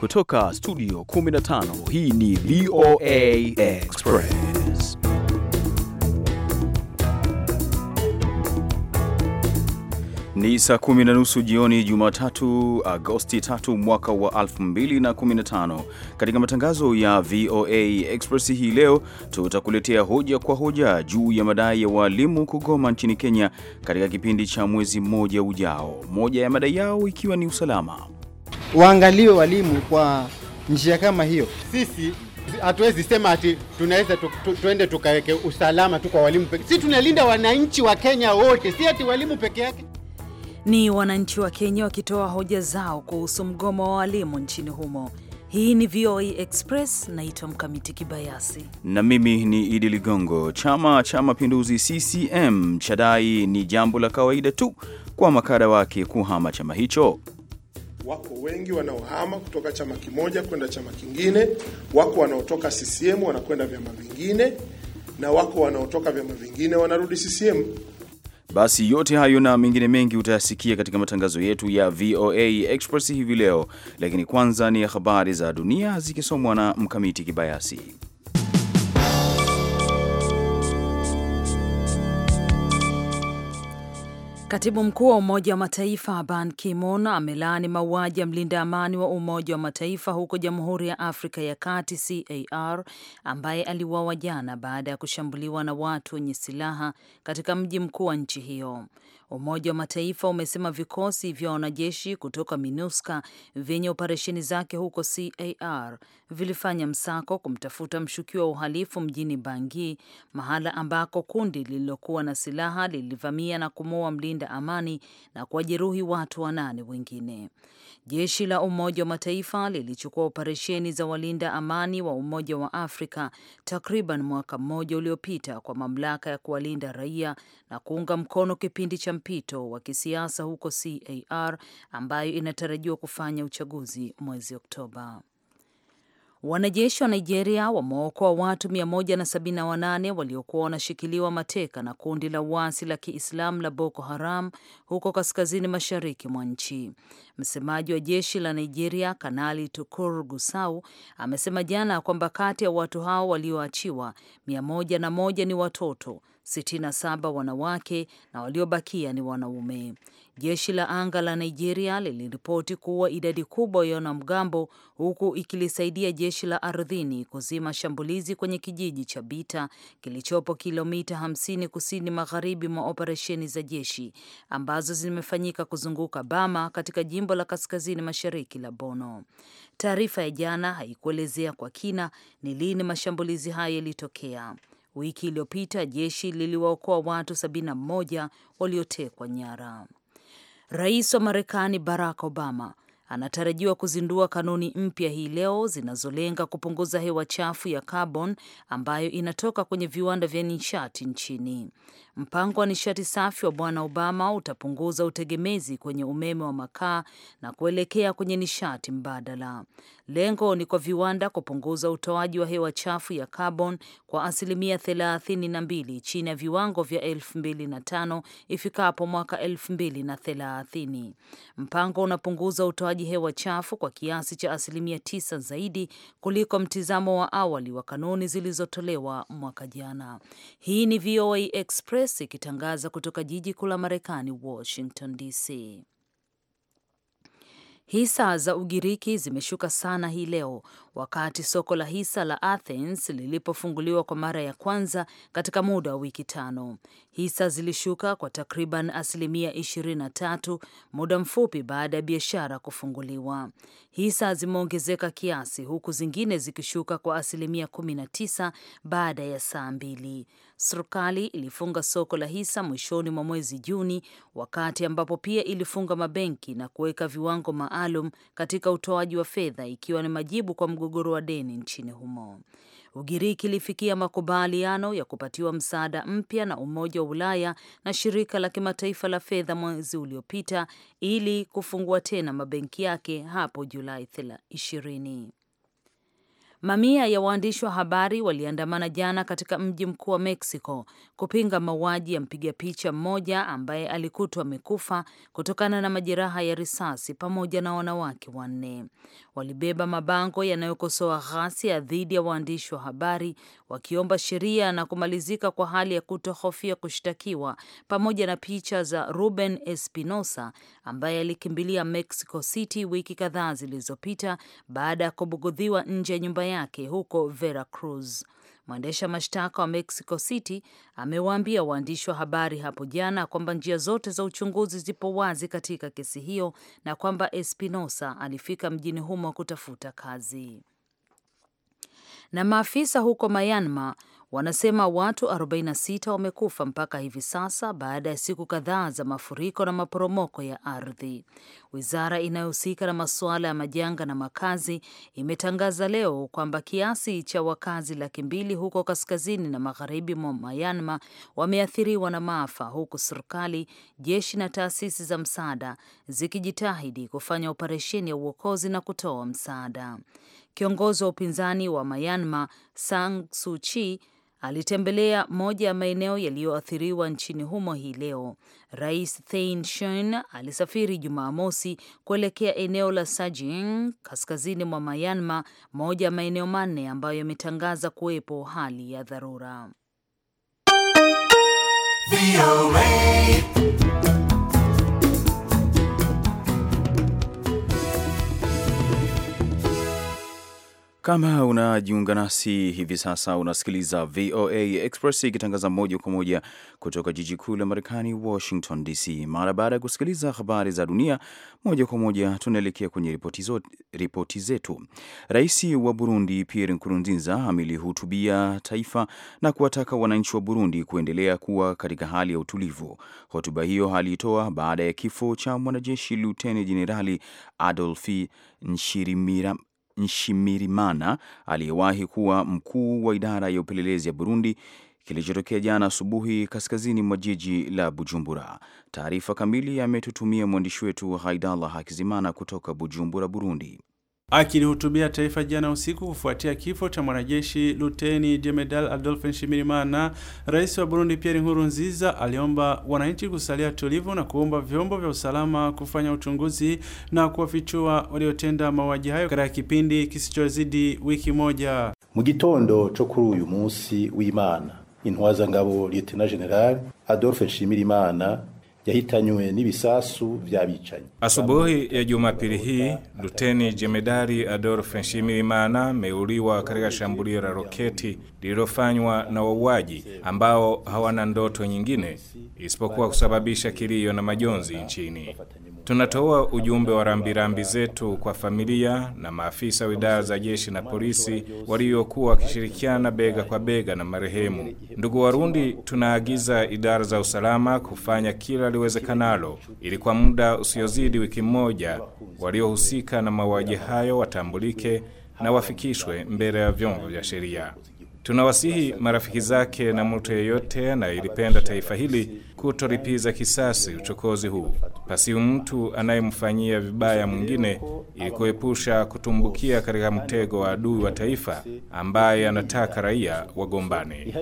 Kutoka studio 15 hii ni VOA Express. Ni saa kumi na nusu jioni Jumatatu, Agosti 3 mwaka wa 2015. Katika matangazo ya VOA Express hii leo, tutakuletea hoja kwa hoja juu ya madai ya waalimu kugoma nchini Kenya katika kipindi cha mwezi mmoja ujao, moja ya madai yao ikiwa ni usalama waangaliwe walimu kwa njia kama hiyo. Sisi hatuwezi sema ati tunaweza tu, tu, tuende tukaweke usalama tu kwa walimu peke. Sisi tunalinda wananchi wa Kenya wote, si ati walimu peke yake. Ni wananchi wa Kenya wakitoa hoja zao kuhusu mgomo wa walimu nchini humo. Hii ni VOA Express, naitwa Mkamiti Kibayasi na mimi ni Idi Ligongo. Chama cha Mapinduzi CCM chadai ni jambo la kawaida tu kwa makada wake kuhama chama hicho. Wako wengi wanaohama kutoka chama kimoja kwenda chama kingine, wako wanaotoka CCM wanakwenda vyama vingine, na wako wanaotoka vyama vingine wanarudi CCM. Basi yote hayo na mengine mengi utayasikia katika matangazo yetu ya VOA Express hivi leo, lakini kwanza ni habari za dunia zikisomwa na Mkamiti Kibayasi. Katibu mkuu wa Umoja wa Mataifa Ban Ki-moon amelaani mauaji ya mlinda amani wa Umoja wa Mataifa huko Jamhuri ya Afrika ya Kati CAR ambaye aliuawa jana baada ya kushambuliwa na watu wenye silaha katika mji mkuu wa nchi hiyo. Umoja wa Mataifa umesema vikosi vya wanajeshi kutoka MINUSCA vyenye operesheni zake huko CAR vilifanya msako kumtafuta mshukiwa wa uhalifu mjini bangi mahala ambako kundi lililokuwa na silaha lilivamia na kumuua mlinda amani na kuwajeruhi watu wanane wengine. Jeshi la Umoja wa Mataifa lilichukua operesheni za walinda amani wa Umoja wa Afrika takriban mwaka mmoja uliopita kwa mamlaka ya kuwalinda raia na kuunga mkono kipindi cha mpito wa kisiasa huko CAR ambayo inatarajiwa kufanya uchaguzi mwezi Oktoba. Wanajeshi wa Nigeria wameokoa watu 178 waliokuwa wanashikiliwa mateka na kundi la uasi la Kiislamu la Boko Haram huko kaskazini mashariki mwa nchi. Msemaji wa jeshi la Nigeria, Kanali Tukur Gusau, amesema jana kwamba kati ya watu hao walioachiwa, 101 ni watoto, 67 wanawake na waliobakia ni wanaume. Jeshi la anga la Nigeria liliripoti kuwa idadi kubwa ya wanamgambo, huku ikilisaidia jeshi la ardhini kuzima shambulizi kwenye kijiji cha Bita kilichopo kilomita 50 kusini magharibi mwa operesheni za jeshi ambazo zimefanyika kuzunguka Bama katika jimbo la kaskazini mashariki la Bono. Taarifa ya jana haikuelezea kwa kina ni lini mashambulizi hayo yalitokea. Wiki iliyopita jeshi liliwaokoa watu 71 waliotekwa nyara. Rais wa Marekani Barack Obama anatarajiwa kuzindua kanuni mpya hii leo zinazolenga kupunguza hewa chafu ya carbon ambayo inatoka kwenye viwanda vya nishati nchini. Mpango wa nishati safi wa Bwana Obama utapunguza utegemezi kwenye umeme wa makaa na kuelekea kwenye nishati mbadala. Lengo ni kwa viwanda kupunguza utoaji wa hewa chafu ya carbon kwa asilimia thelathini na mbili chini ya viwango vya elfu mbili na tano ifikapo mwaka elfu mbili na thelathini. Mpango unapunguza utoaji hewa chafu kwa kiasi cha asilimia tisa zaidi kuliko mtizamo wa awali wa kanuni zilizotolewa mwaka jana. Hii ni VOA Express SBS ikitangaza kutoka jiji kuu la Marekani, Washington DC. Hisa za Ugiriki zimeshuka sana hii leo wakati soko la hisa la Athens lilipofunguliwa kwa mara ya kwanza katika muda wa wiki tano. Hisa zilishuka kwa takriban asilimia 23 muda mfupi baada ya biashara kufunguliwa. Hisa zimeongezeka kiasi, huku zingine zikishuka kwa asilimia 19 baada ya saa mbili. Serikali ilifunga soko la hisa mwishoni mwa mwezi Juni, wakati ambapo pia ilifunga mabenki na kuweka viwango maalum katika utoaji wa fedha, ikiwa ni majibu kwa mgogoro wa deni nchini humo. Ugiriki ilifikia makubaliano ya kupatiwa msaada mpya na Umoja wa Ulaya na Shirika la Kimataifa la Fedha mwezi uliopita ili kufungua tena mabenki yake hapo Julai ishirini Mamia ya waandishi wa habari waliandamana jana katika mji mkuu wa Mexico kupinga mauaji ya mpiga picha mmoja ambaye alikutwa amekufa kutokana na majeraha ya risasi pamoja na wanawake wanne. Walibeba mabango yanayokosoa ghasia dhidi ya waandishi wa habari wakiomba sheria na kumalizika kwa hali ya kutohofia kushtakiwa pamoja na picha za Ruben Espinosa ambaye alikimbilia Mexico City wiki kadhaa zilizopita baada ya kubugudhiwa nje ya nyumba yake huko Veracruz. Mwendesha mashtaka wa Mexico City amewaambia waandishi wa habari hapo jana kwamba njia zote za uchunguzi zipo wazi katika kesi hiyo na kwamba Espinosa alifika mjini humo kutafuta kazi. Na maafisa huko Myanmar wanasema watu 46 wamekufa mpaka hivi sasa baada ya siku kadhaa za mafuriko na maporomoko ya ardhi. Wizara inayohusika na masuala ya majanga na makazi imetangaza leo kwamba kiasi cha wakazi laki mbili huko kaskazini na magharibi mwa Myanmar wameathiriwa na maafa, huku serikali, jeshi na taasisi za msaada zikijitahidi kufanya operesheni ya uokozi na kutoa msaada. Kiongozi wa upinzani wa Myanmar Sang Suu Kyi alitembelea moja ya maeneo yaliyoathiriwa nchini humo hii leo. Rais Thein Sein alisafiri Jumamosi kuelekea eneo la Sajing kaskazini mwa Myanmar, moja ya maeneo manne ambayo yametangaza kuwepo hali ya dharura. Kama unajiunga nasi hivi sasa, unasikiliza VOA Express ikitangaza moja kwa moja kutoka jiji kuu la Marekani, Washington DC. Mara baada ya kusikiliza habari za dunia moja kwa moja, tunaelekea kwenye ripoti zetu. Rais wa Burundi Pierre Nkurunziza amelihutubia taifa na kuwataka wananchi wa Burundi kuendelea kuwa katika hali ya utulivu. Hotuba hiyo aliitoa baada ya kifo cha mwanajeshi Luteni Jenerali Adolfi Nshirimira Nshimirimana aliyewahi kuwa mkuu wa idara ya upelelezi ya Burundi kilichotokea jana asubuhi kaskazini mwa jiji la Bujumbura. Taarifa kamili ametutumia mwandishi wetu Haidallah Hakizimana kutoka Bujumbura, Burundi. Akilihutubia taifa jana usiku kufuatia kifo cha mwanajeshi Luteni Jemedal Adolphe Nshimirimana, rais wa Burundi Pierre Nkurunziza aliomba wananchi kusalia tulivu na kuomba vyombo vya usalama kufanya uchunguzi na kuwafichua waliotenda mauaji hayo katika kipindi kisichozidi wiki moja. Mu gitondo cho kuri uyu munsi w'Imana intwaza ngabo Lieutenant General Adolphe Nshimirimana yahitanywe n'ibisasu by'abicanyi. Asubuhi ya Jumapili hii Luteni Jemedari Adolphe Nshimirimana ameuliwa katika shambulio la roketi lililofanywa na wauaji ambao hawana ndoto nyingine isipokuwa kusababisha kilio na majonzi nchini. Tunatoa ujumbe wa rambirambi zetu kwa familia na maafisa wa idara za jeshi na polisi waliokuwa wakishirikiana bega kwa bega na marehemu. Ndugu Warundi, tunaagiza idara za usalama kufanya kila liwezekanalo ili kwa muda usiozidi wiki moja waliohusika na mauaji hayo watambulike na wafikishwe mbele ya vyombo vya sheria. Tunawasihi marafiki zake na mtu yeyote anayelipenda taifa hili kutolipiza kisasi uchokozi huu pasiu mtu anayemfanyia vibaya mwingine, ili kuepusha kutumbukia katika mtego wa adui wa taifa ambaye anataka raia wagombane.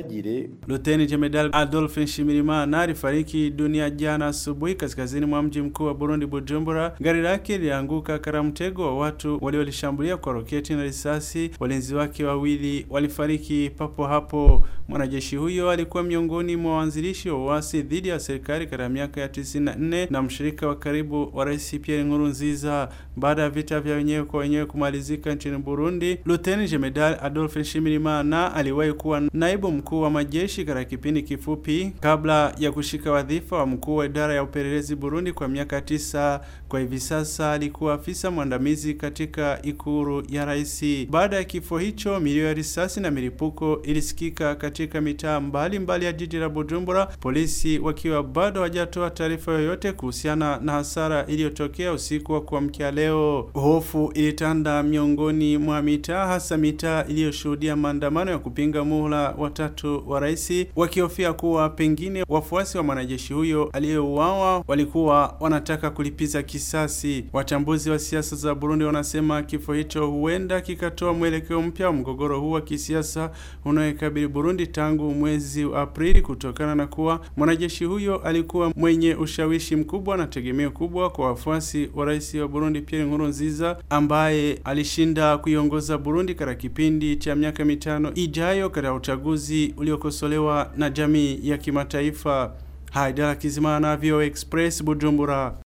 Luteni Jemedal Adolphe Nshimirimana alifariki dunia jana asubuhi kaskazini mwa mji mkuu wa Burundi, Bujumbura. Gari lake lilianguka katika mtego wa watu waliolishambulia kwa roketi na risasi. Walinzi wake wawili walifariki papo hapo. Mwanajeshi huyo alikuwa miongoni mwa waanzilishi wa uasi dhidi dhidi ya serikali katika miaka ya 94 na mshirika wa karibu wa Rais Pierre Nkurunziza. Baada ya vita vya wenyewe kwa wenyewe kumalizika nchini Burundi, Luteni Jemedal Adolphe Nshimirimana aliwahi kuwa naibu mkuu wa majeshi katika kipindi kifupi kabla ya kushika wadhifa wa mkuu wa idara ya upelelezi Burundi kwa miaka tisa. Kwa hivi sasa alikuwa afisa mwandamizi katika ikuru ya rais. Baada ya kifo hicho, milio ya risasi na milipuko ilisikika katika mitaa mbalimbali ya jiji la Bujumbura. Polisi wa wakiwa bado hawajatoa taarifa yoyote kuhusiana na hasara iliyotokea usiku wa kuamkia leo. Hofu ilitanda miongoni mwa mitaa, hasa mitaa iliyoshuhudia maandamano ya kupinga muhula watatu wa rais, wakihofia kuwa pengine wafuasi wa mwanajeshi huyo aliyeuawa walikuwa wanataka kulipiza kisasi. Wachambuzi wa siasa za Burundi wanasema kifo hicho huenda kikatoa mwelekeo mpya wa mgogoro huu wa kisiasa unaoikabili Burundi tangu mwezi wa Aprili kutokana na kuwa mwanajeshi huyo alikuwa mwenye ushawishi mkubwa na tegemeo kubwa kwa wafuasi wa rais wa Burundi Pierre Nkurunziza ambaye alishinda kuiongoza Burundi katika kipindi cha miaka mitano ijayo katika uchaguzi uliokosolewa na jamii ya kimataifa. Haidara Kizimana, VOA Express, Bujumbura.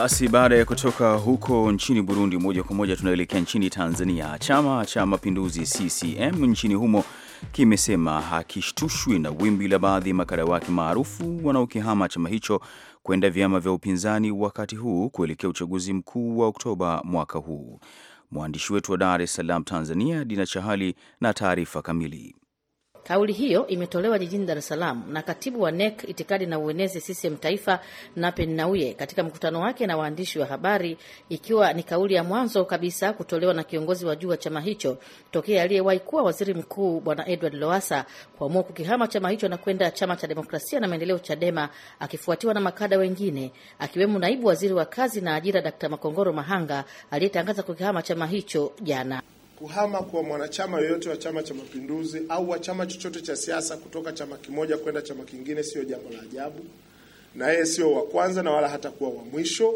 Basi baada ya kutoka huko nchini Burundi, moja kwa moja tunaelekea nchini Tanzania. Chama cha Mapinduzi CCM nchini humo kimesema hakishtushwi na wimbi la baadhi ya makada wake maarufu wanaokihama chama hicho kwenda vyama vya upinzani wakati huu kuelekea uchaguzi mkuu wa Oktoba mwaka huu. Mwandishi wetu wa Dar es Salaam, Tanzania, Dina Chahali na taarifa kamili. Kauli hiyo imetolewa jijini Dar es Salaam na katibu wa NEC itikadi na uenezi CCM Taifa, Napen Nnauye katika mkutano wake na waandishi wa habari, ikiwa ni kauli ya mwanzo kabisa kutolewa na kiongozi wa juu wa chama hicho tokea aliyewahi kuwa waziri mkuu Bwana Edward Lowassa kuamua kukihama chama hicho na kwenda Chama cha Demokrasia na Maendeleo, CHADEMA, akifuatiwa na makada wengine akiwemo naibu waziri wa kazi na ajira Dkt. Makongoro Mahanga aliyetangaza kukihama chama hicho jana kuhama kwa mwanachama yoyote wa Chama cha Mapinduzi au wa chama chochote cha siasa kutoka chama kimoja kwenda chama kingine sio jambo la ajabu, na yeye sio wa kwanza na wala hatakuwa wa mwisho,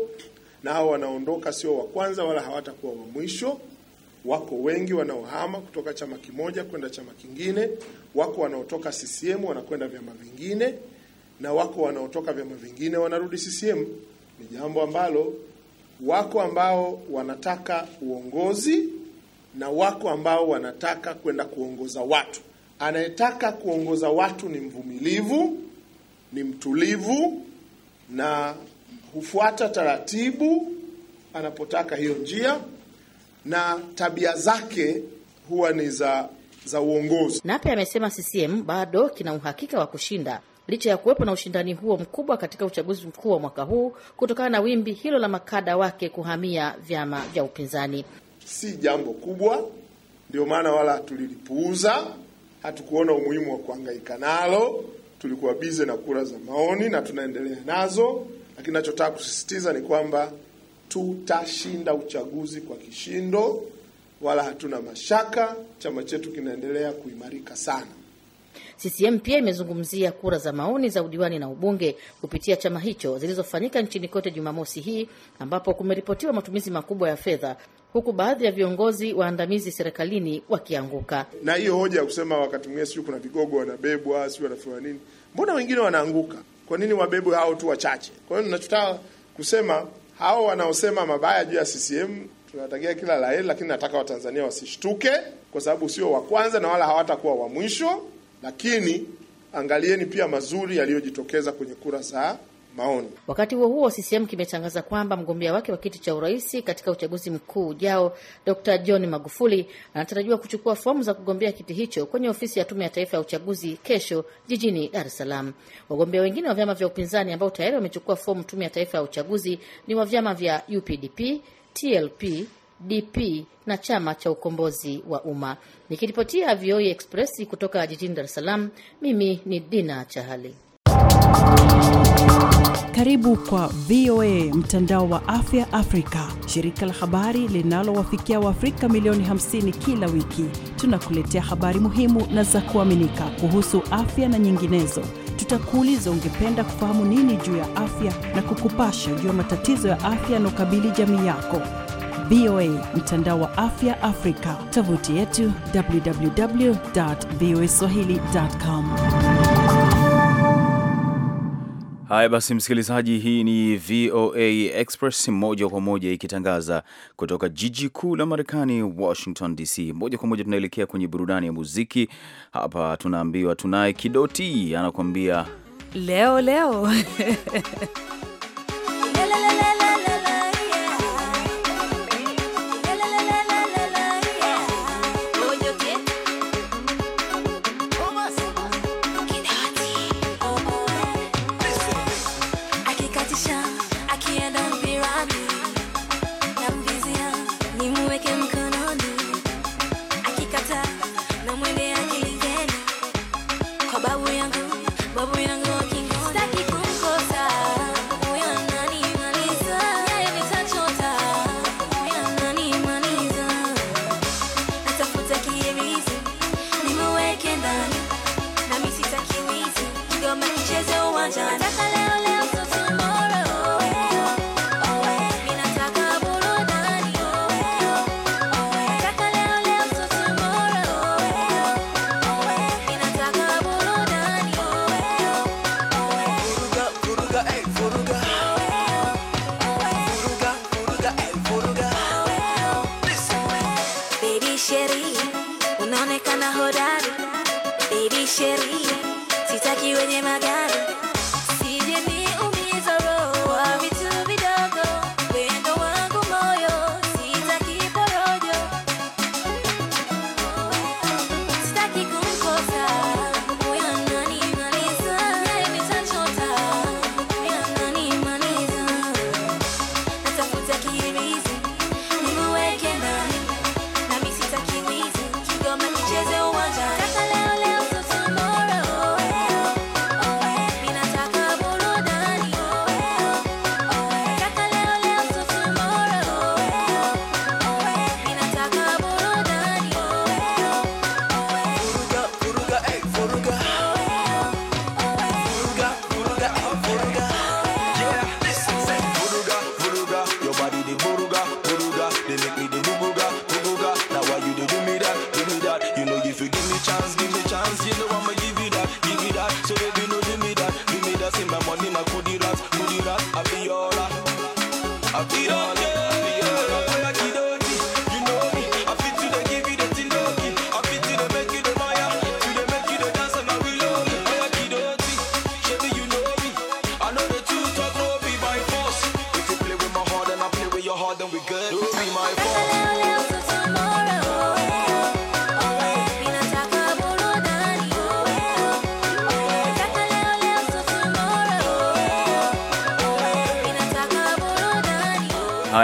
na hao wanaondoka sio wa kwanza wala hawatakuwa wa mwisho. Wako wengi wanaohama kutoka chama kimoja kwenda chama kingine, wako wanaotoka CCM wanakwenda vyama vingine, na wako wanaotoka vyama vingine wanarudi CCM. Ni jambo ambalo wako ambao wanataka uongozi na wako ambao wanataka kwenda kuongoza watu. Anayetaka kuongoza watu ni mvumilivu, ni mtulivu na hufuata taratibu anapotaka hiyo njia, na tabia zake huwa ni za za uongozi. Nape amesema CCM bado kina uhakika wa kushinda licha ya kuwepo na ushindani huo mkubwa katika uchaguzi mkuu wa mwaka huu kutokana na wimbi hilo la makada wake kuhamia vyama vya upinzani si jambo kubwa, ndio maana wala tulilipuuza, hatukuona umuhimu wa kuhangaika nalo. Tulikuwa bize na kura za maoni na tunaendelea nazo, lakini nachotaka kusisitiza ni kwamba tutashinda uchaguzi kwa kishindo, wala hatuna mashaka. Chama chetu kinaendelea kuimarika sana. CCM pia imezungumzia kura za maoni za udiwani na ubunge kupitia chama hicho zilizofanyika nchini kote Jumamosi hii ambapo kumeripotiwa matumizi makubwa ya fedha huku baadhi ya viongozi waandamizi serikalini wakianguka. Na hiyo hoja ya kusema wakati mwingine sijui kuna vigogo wanabebwa, sijui wanafanya nini, mbona wengine wanaanguka? Kwa nini wabebwe hao tu wachache? Kwa hiyo tunachotaka kusema hao wanaosema mabaya juu ya CCM tunatakia kila la heri, lakini nataka Watanzania wasishtuke, kwa sababu sio wa kwanza na wala hawatakuwa wa mwisho lakini angalieni pia mazuri yaliyojitokeza kwenye kura za maoni. Wakati huo huo, CCM kimetangaza kwamba mgombea wake wa kiti cha urais katika uchaguzi mkuu ujao Dr. John Magufuli anatarajiwa kuchukua fomu za kugombea kiti hicho kwenye ofisi ya Tume ya Taifa ya Uchaguzi kesho jijini Dar es Salaam. Wagombea wengine wa vyama vya upinzani ambao tayari wamechukua fomu Tume ya Taifa ya Uchaguzi ni wa vyama vya UPDP, TLP, DP na chama cha ukombozi wa umma. Nikiripotia VOA e Express kutoka jijini Dar es Salaam, mimi ni Dina Chahali. Karibu kwa VOA e, mtandao wa afya Afrika, shirika la habari linalowafikia Waafrika milioni 50 kila wiki. Tunakuletea habari muhimu na za kuaminika kuhusu afya na nyinginezo. Tutakuuliza, ungependa kufahamu nini juu ya afya, na kukupasha juu ya matatizo ya afya yanaokabili jamii yako. VOA, mtandao wa afya Afrika, tovuti yetu www voa Haya basi, msikilizaji, hii ni VOA Express moja kwa moja ikitangaza kutoka jiji kuu la Marekani, Washington DC. Moja kwa moja tunaelekea kwenye burudani ya muziki. Hapa tunaambiwa tunaye Kidoti anakuambia leo leo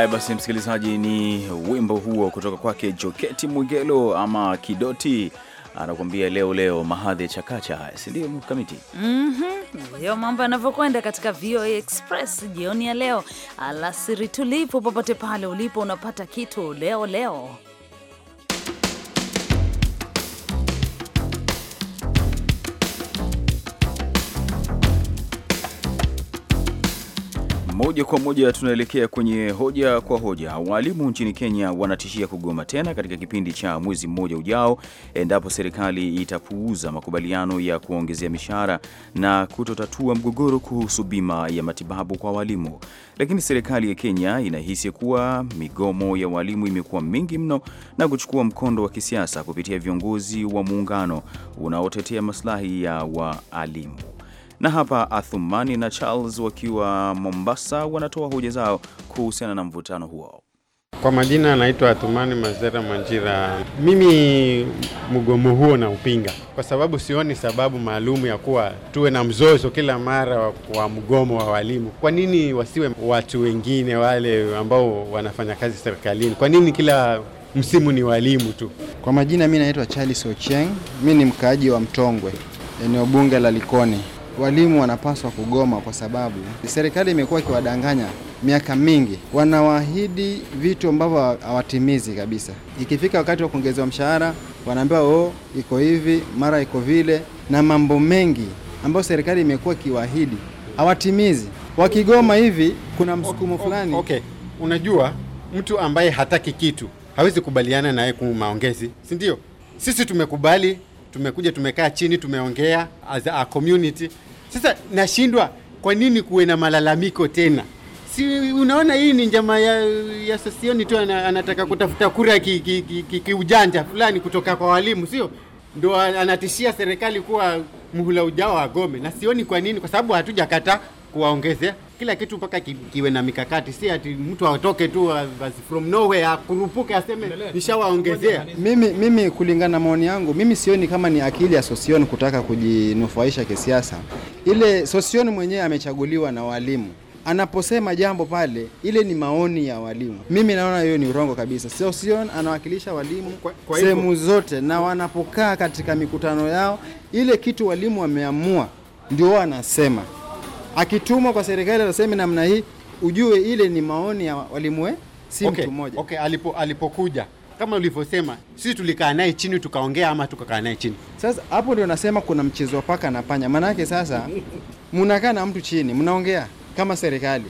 Haya basi, msikilizaji, ni wimbo huo kutoka kwake Joketi Mwigelo ama Kidoti anakuambia leo leo mahadhi ya chakacha. Haya, si ndio mkamiti? Mhm, Ndiyo mambo yanavyokwenda katika VOA Express jioni ya leo, alasiri tulipo, popote pale ulipo unapata kitu leo leo. Moja kwa moja tunaelekea kwenye hoja kwa hoja. Waalimu nchini Kenya wanatishia kugoma tena katika kipindi cha mwezi mmoja ujao, endapo serikali itapuuza makubaliano ya kuongezea mishahara na kutotatua mgogoro kuhusu bima ya matibabu kwa walimu. Lakini serikali ya Kenya inahisi kuwa migomo ya walimu imekuwa mingi mno na kuchukua mkondo wa kisiasa kupitia viongozi wa muungano unaotetea maslahi ya waalimu. Na hapa Athumani na Charles wakiwa Mombasa wanatoa hoja zao kuhusiana na mvutano huo. Kwa majina anaitwa Athumani Mazera Manjira. Mimi mgomo huo na upinga kwa sababu sioni sababu maalumu ya kuwa tuwe na mzozo kila mara wa, mgomo wa walimu. Kwa nini wasiwe watu wengine wale ambao wanafanya kazi serikalini? Kwa nini kila msimu ni walimu tu? Kwa majina mimi naitwa Charles Ocheng, mimi ni mkaaji wa Mtongwe, eneo bunge la Likoni walimu wanapaswa kugoma, kwa sababu serikali imekuwa ikiwadanganya miaka mingi, wanawaahidi vitu ambavyo hawatimizi kabisa. Ikifika wakati wa kuongezewa mshahara, wanaambiwa oh, iko hivi, mara iko vile, na mambo mengi ambayo serikali imekuwa ikiwaahidi hawatimizi. Wakigoma hivi, kuna msukumo fulani. Okay, unajua mtu ambaye hataki kitu hawezi kubaliana naye kwa maongezi, si ndio? Sisi tumekubali, tumekuja, tumekaa chini, tumeongea as a community sasa nashindwa kwa nini kuwe na malalamiko tena? Si unaona hii ni njama ya, ya sasioni tu anataka kutafuta kura kiujanja ki, ki, ki, fulani kutoka kwa walimu, sio ndo anatishia serikali kuwa muhula ujao agome, na sioni kwa nini, kwa sababu hatujakata kuwaongezea kila kitu mpaka ki, kiwe na mikakati, si ati mtu atoke tu from nowhere akurupuke aseme nishawaongezea. Mimi, mimi kulingana na maoni yangu, mimi sioni kama ni akili ya Sosioni kutaka kujinufaisha kisiasa. Ile Sosioni mwenyewe amechaguliwa na walimu anaposema jambo pale, ile ni maoni ya walimu. Mimi naona hiyo ni urongo kabisa. Sossion anawakilisha walimu sehemu zote, na wanapokaa katika mikutano yao, ile kitu walimu wameamua ndio wanasema akitumwa kwa serikali aseme namna hii, ujue ile ni maoni ya walimu, si okay, mtu mmoja okay. Alipo, alipokuja kama ulivyosema, sisi tulikaa naye chini tukaongea, ama tukakaa naye chini. Sasa hapo ndio nasema kuna mchezo wa paka na panya. Maana yake sasa mnakaa na mtu chini mnaongea kama serikali,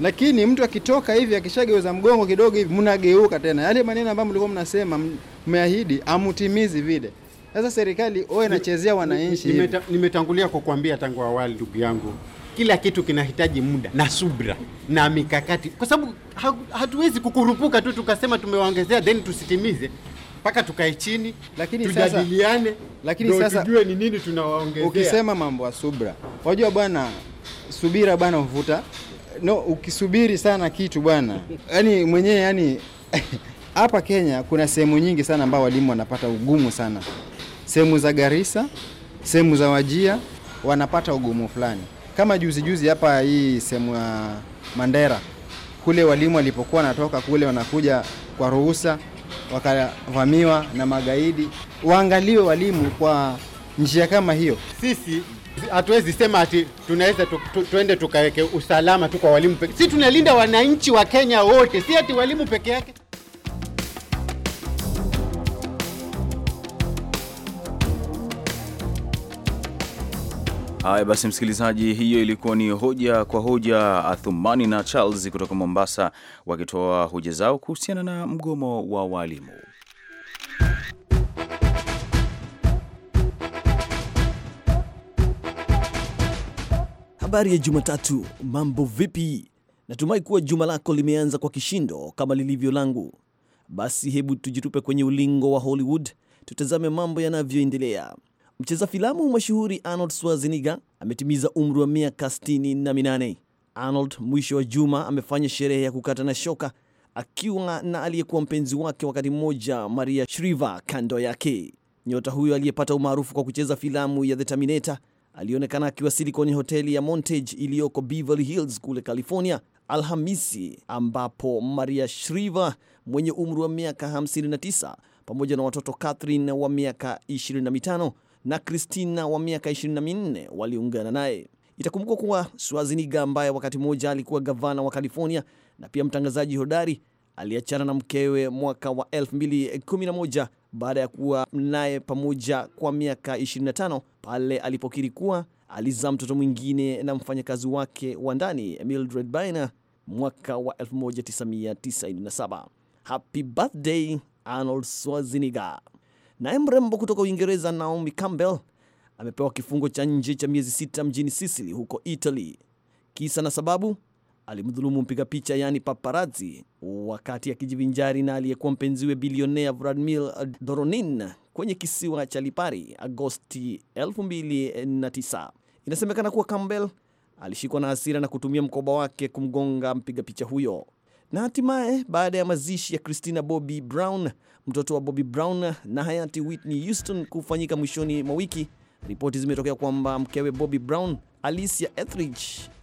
lakini mtu akitoka hivi akishageuza mgongo kidogo hivi mnageuka tena, yale maneno ambayo mlikuwa mnasema mmeahidi amutimizi vile. Sasa serikali oe nachezea wananchi. Nimetangulia kukuambia tangu awali, ndugu yangu kila kitu kinahitaji muda na subra na mikakati, kwa sababu hatuwezi kukurupuka tu tukasema tumewaongezea then tusitimize mpaka tukae chini, lakini tujadiliane, lakini sasa tujue ni nini tunawaongezea. Ukisema mambo ya subra, wajua bwana, subira bwana huvuta no. Ukisubiri sana kitu bwana, yani mwenyewe yani hapa Kenya kuna sehemu nyingi sana ambao walimu wanapata ugumu sana, sehemu za Garissa, sehemu za Wajia wanapata ugumu fulani kama juzi juzi hapa hii sehemu ya Mandera kule, walimu walipokuwa wanatoka kule wanakuja kwa ruhusa, wakavamiwa na magaidi. Waangaliwe walimu kwa njia kama hiyo. Sisi hatuwezi sema ati tunaweza tu, tu, tuende tukaweke usalama tu kwa walimu peke. Si tunalinda wananchi wa Kenya wote, si ati walimu peke yake. Haya basi, msikilizaji, hiyo ilikuwa ni hoja kwa hoja, athumani na Charles kutoka Mombasa wakitoa hoja zao kuhusiana na mgomo wa walimu. Habari ya Jumatatu, mambo vipi? Natumai kuwa juma lako limeanza kwa kishindo kama lilivyo langu. Basi hebu tujitupe kwenye ulingo wa Hollywood tutazame mambo yanavyoendelea. Mcheza filamu mashuhuri Arnold Schwarzenegger ametimiza umri wa miaka 68. Arnold mwisho wa juma amefanya sherehe ya kukata na shoka akiwa na aliyekuwa mpenzi wake wakati mmoja Maria Shriver kando yake. Nyota huyo aliyepata umaarufu kwa kucheza filamu ya The Terminator alionekana akiwasili kwenye hoteli ya Montage iliyoko Beverly Hills kule California Alhamisi, ambapo Maria Shriver mwenye umri wa miaka 59 pamoja na watoto Catherine wa miaka 25 na kristina wa miaka 24 waliungana naye. Itakumbukwa kuwa Swaziniga ambaye wakati mmoja alikuwa gavana wa California na pia mtangazaji hodari aliachana na mkewe mwaka wa 2011 baada ya kuwa naye pamoja kwa miaka 25 pale alipokiri kuwa alizaa mtoto mwingine na mfanyakazi wake wa ndani Mildred Bainer mwaka wa 1997. Happy birthday Arnold Schwarzenegger. Naye mrembo kutoka Uingereza Naomi Campbell amepewa kifungo cha nje cha miezi sita mjini Sicily huko Italy. Kisa na sababu, alimdhulumu mpiga picha yaani paparazzi wakati akijivinjari na aliyekuwa mpenziwe bilionea Vladimir Doronin kwenye kisiwa cha Lipari Agosti 2009. Inasemekana kuwa Campbell alishikwa na hasira na kutumia mkoba wake kumgonga mpiga picha huyo. Na hatimaye baada ya mazishi ya Christina Bobby Brown, mtoto wa Bobby Brown na hayati Whitney Houston kufanyika mwishoni mwa wiki, ripoti zimetokea kwamba mkewe Bobby Brown, Alicia Etheridge,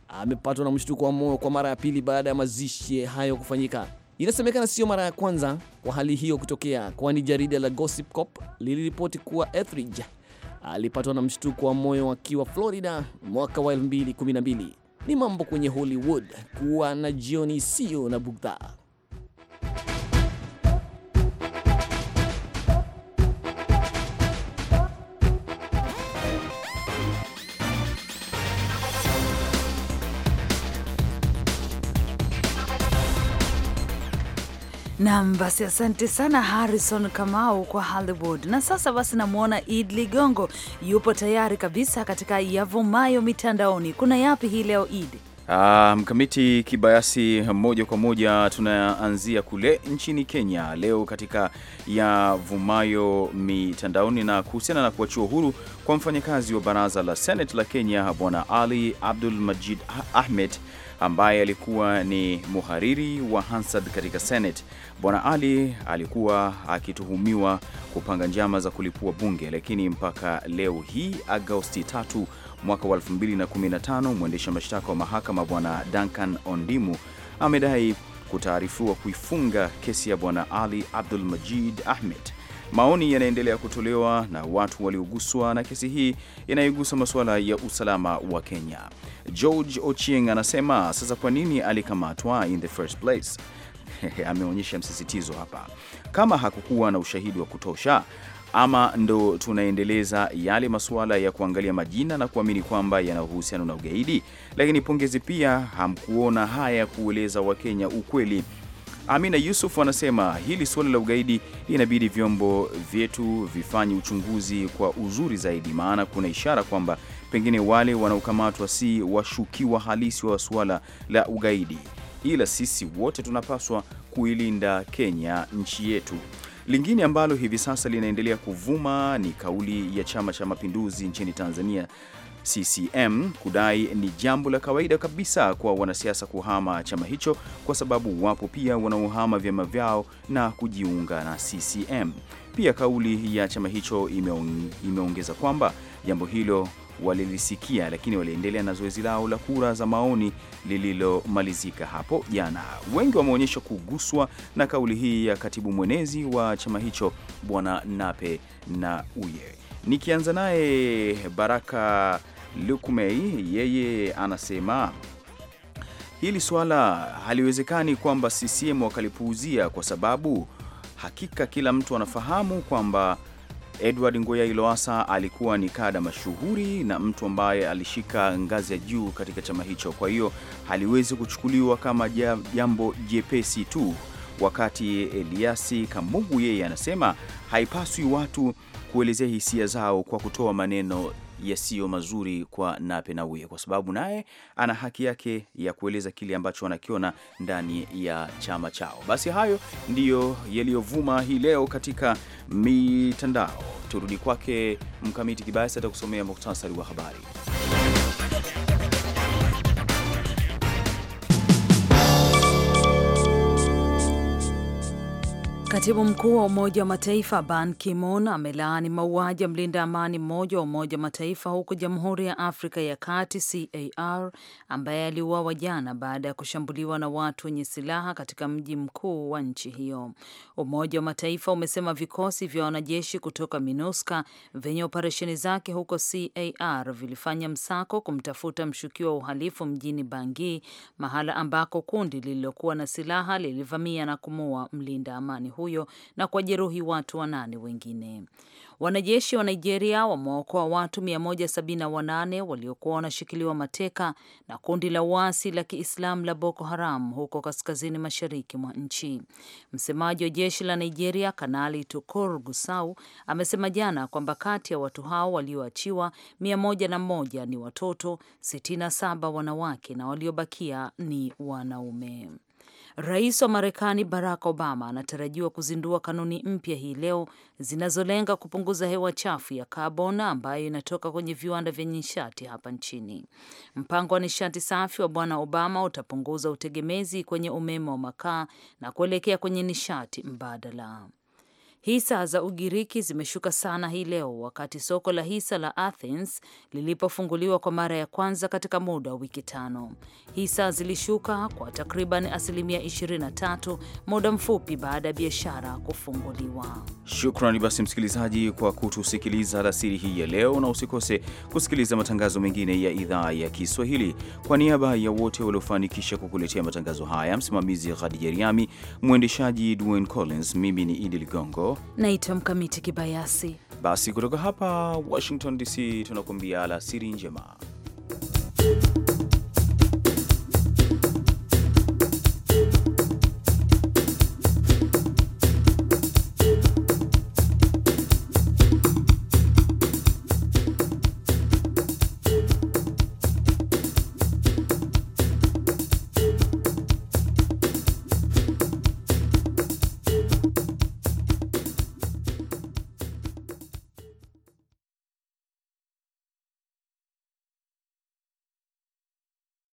amepatwa na mshtuko wa moyo kwa mara ya pili baada ya mazishi hayo kufanyika. Inasemekana sio mara ya kwanza kwa hali hiyo kutokea, kwani jarida la Gossip Cop liliripoti kuwa Etheridge alipatwa na mshtuko wa moyo akiwa Florida mwaka wa 2012. Ni mambo kwenye Hollywood. Kuwa na jioni isiyo na bugdha. Nam, basi asante sana Harrison Kamau kwa Hollywood. Na sasa basi, namwona Id Ligongo yupo tayari kabisa katika yavumayo mitandaoni. Kuna yapi hii leo Id? Ah, Mkamiti um, kibayasi moja kwa moja tunaanzia kule nchini Kenya leo katika ya vumayo mitandaoni na kuhusiana na kuachiwa uhuru kwa mfanyakazi wa baraza la Senate la Kenya Bwana Ali Abdul Majid Ahmed ambaye alikuwa ni muhariri wa Hansard katika Senate. Bwana Ali alikuwa akituhumiwa kupanga njama za kulipua bunge, lakini mpaka leo hii Agosti tatu mwaka wa 2015, mwendesha mashtaka wa mahakama Bwana Duncan Ondimu amedai kutaarifiwa kuifunga kesi ya Bwana Ali Abdul Majid Ahmed. Maoni yanaendelea kutolewa na watu walioguswa na kesi hii inayogusa masuala ya usalama wa Kenya. George Ochieng anasema sasa, kwa nini alikamatwa in the first place? Ameonyesha msisitizo hapa, kama hakukuwa na ushahidi wa kutosha ama ndo tunaendeleza yale masuala ya kuangalia majina na kuamini kwamba yana uhusiano na ugaidi? Lakini pongezi pia, hamkuona haya kueleza Wakenya ukweli. Amina Yusuf anasema hili suala la ugaidi inabidi vyombo vyetu vifanye uchunguzi kwa uzuri zaidi, maana kuna ishara kwamba pengine wale wanaokamatwa si washukiwa halisi wa suala la ugaidi, ila sisi wote tunapaswa kuilinda Kenya, nchi yetu. Lingine ambalo hivi sasa linaendelea kuvuma ni kauli ya Chama cha Mapinduzi nchini Tanzania CCM kudai ni jambo la kawaida kabisa kwa wanasiasa kuhama chama hicho kwa sababu wapo pia wanaohama vyama vyao na kujiunga na CCM. Pia kauli ya chama hicho imeongeza kwamba jambo hilo walilisikia, lakini waliendelea na zoezi lao la kura za maoni lililomalizika hapo jana. Wengi wameonyesha kuguswa na kauli hii ya katibu mwenezi wa chama hicho Bwana Nape na Uye. Nikianza naye Baraka Lukmei, yeye anasema hili swala haliwezekani kwamba CCM wakalipuuzia, kwa sababu hakika kila mtu anafahamu kwamba Edward Ngoya Iloasa alikuwa ni kada mashuhuri na mtu ambaye alishika ngazi ya juu katika chama hicho. Kwa hiyo haliwezi kuchukuliwa kama jambo jepesi tu, wakati Eliasi Kamungu yeye anasema haipaswi watu kuelezea hisia zao kwa kutoa maneno yasiyo mazuri kwa Nape Nnauye, kwa sababu naye ana haki yake ya kueleza kile ambacho anakiona ndani ya chama chao. Basi hayo ndiyo yaliyovuma hii leo katika mitandao. Turudi kwake Mkamiti Kibayasi atakusomea muhtasari wa habari. Katibu mkuu wa Umoja wa Mataifa Ban Kimon amelaani mauaji ya mlinda amani mmoja wa Umoja wa Mataifa huko Jamhuri ya Afrika ya Kati CAR, ambaye aliuawa jana baada ya kushambuliwa na watu wenye silaha katika mji mkuu wa nchi hiyo. Umoja wa Mataifa umesema vikosi vya wanajeshi kutoka MINUSCA vyenye operesheni zake huko CAR vilifanya msako kumtafuta mshukiwa wa uhalifu mjini bangi mahala ambako kundi lililokuwa na silaha lilivamia na kumua mlinda amani huyo na kuwajeruhi watu wanane wengine. Wanajeshi wa Nigeria wamewaokoa watu 178 waliokuwa wanashikiliwa mateka na kundi la uasi la Kiislamu la Boko Haram huko kaskazini mashariki mwa nchi. Msemaji wa jeshi la Nigeria, Kanali Tukur Gusau, amesema jana kwamba kati ya watu hao walioachiwa 101 ni watoto, 67 wanawake na waliobakia ni wanaume. Rais wa Marekani Barack Obama anatarajiwa kuzindua kanuni mpya hii leo zinazolenga kupunguza hewa chafu ya kabona ambayo inatoka kwenye viwanda vya nishati hapa nchini. Mpango wa nishati safi wa Bwana Obama utapunguza utegemezi kwenye umeme wa makaa na kuelekea kwenye nishati mbadala. Hisa za Ugiriki zimeshuka sana hii leo wakati soko la hisa la Athens lilipofunguliwa kwa mara ya kwanza katika muda wa wiki tano. Hisa zilishuka kwa takriban asilimia 23 muda mfupi baada ya biashara kufunguliwa. Shukrani basi msikilizaji kwa kutusikiliza alasiri hii ya leo, na usikose kusikiliza matangazo mengine ya idhaa ya Kiswahili. Kwa niaba ya wote waliofanikisha kukuletea matangazo haya, msimamizi Khadija Riami, mwendeshaji Dwayne Collins, mimi ni Idi Ligongo Naitwa Mkamiti Kibayasi. Basi kutoka hapa Washington DC tunakuambia alasiri njema.